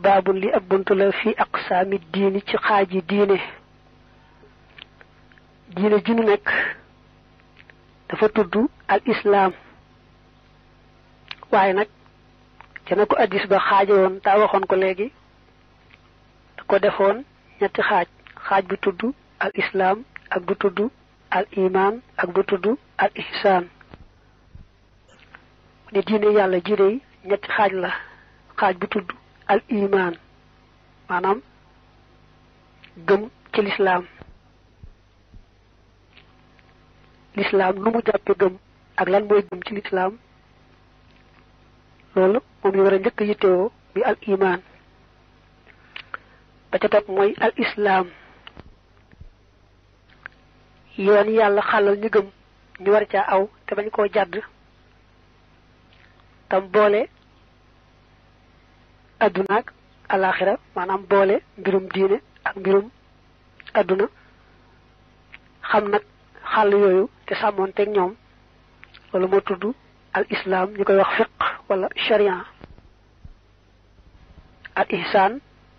baabul li ab buntu la fi ak aqsaami diini ci xaaji diine diine ju nu nekk dafa tudd al islaam waaye nag ca ko addis ba xaaja woon taa waxoon ko léegi da ko defoon ñetti xaaj xaaj bu tudd al islaam ak bu tudd al imaan ak bu tudd al ihsaan ne diine yàlla ji dey ñetti xaaj la xaaj bu tudd al iman manam gem ci l'islam l'islam lu mu jàppe gem ak lan mooy gëm ci l'islam loolu ke ñu war bi al iman ba ca topp al islam yoon yàlla xàllal ñu gëm ñu war caa aw te bañ tam boole aduna ak alaxira maanaam boole mbirum diine ak mbirum aduna xam nag xàll yooyu te sàmmoonteeg ñoom wala moo tudd al islam ñu koy wax fiq wala sharia al ihsan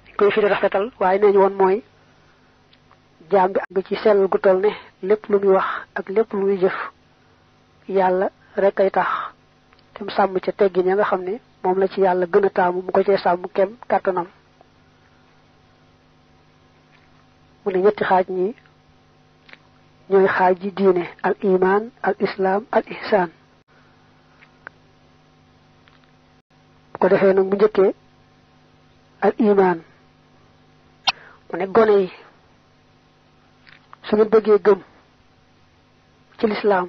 ñu koy firi rafetal waaye neeñu woon mooy jaam bi àgg ci sell gu toll ne lépp lu muy wax ak lépp lu muy jëf yàlla rek ay tax te sàmm ca teggin ya nga xam ne moom la ci yàlla gën a taamu mu ko cee sàmm kem kàttanam mu ne ñetti xaaj ñi ñooy xaaj ji diine al iman al islam ko defee nag bu njëkkee al mu ne gone yi su ngeen bëggee gëm ci lislaam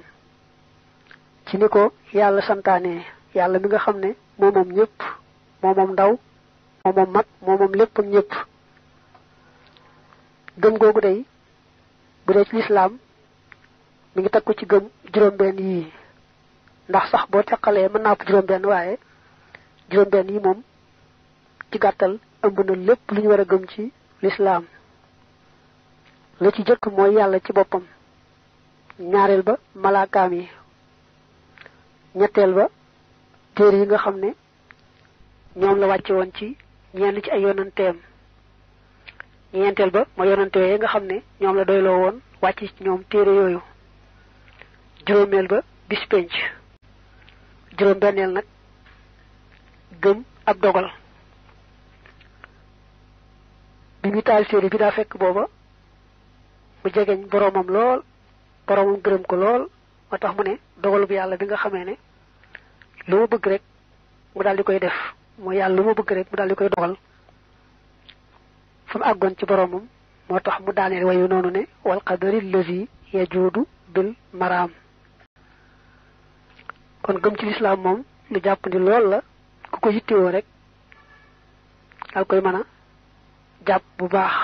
ci ni ko yàlla santaane yàlla mi nga xam ne momom ñepp momom ndaw momom mag momom lepp ak ñepp gëm googu day bu dee ci lislaam mi ngi takku ci gëm juróom benn yi ndax sax boo teqalee mën naa ko juróom benn waaye juróom benn yi moom ci gàttal ëmb na lépp lu ñu gëm ci lislaam la ci jëkk mooy yàlla ci boppam ñaareel ba malaakaam yi ba téere yi nga xam ne ñoom la wàcce woon ci ñenn ci ay yonanteem ñeenteel ba ma yonante nga xam ne ñoom la doyloo woon wàcc ci ñoom téere yooyu juróomeel ba bis penc juróom benneel nag gëm ab dogal bi mu taal téere bi daa fekk booba bu jegeñ boroomam lool boroomam gërëm ko lool moo tax mu ne dogal bu yàlla bi nga xamee ne lu ma bëgg rek mu daal di koy def mooy yàlla lu ma bëgg rek mu daal di koy dogal fa mu àggoon ci boromam moo tax mu daaneel wayu noonu ne wal qadari lazi yajuudu bil maraam kon gëm ci lislaam moom lu jàppandi lool la ku ko yittewoo rek dal koy mën a jàpp bu baax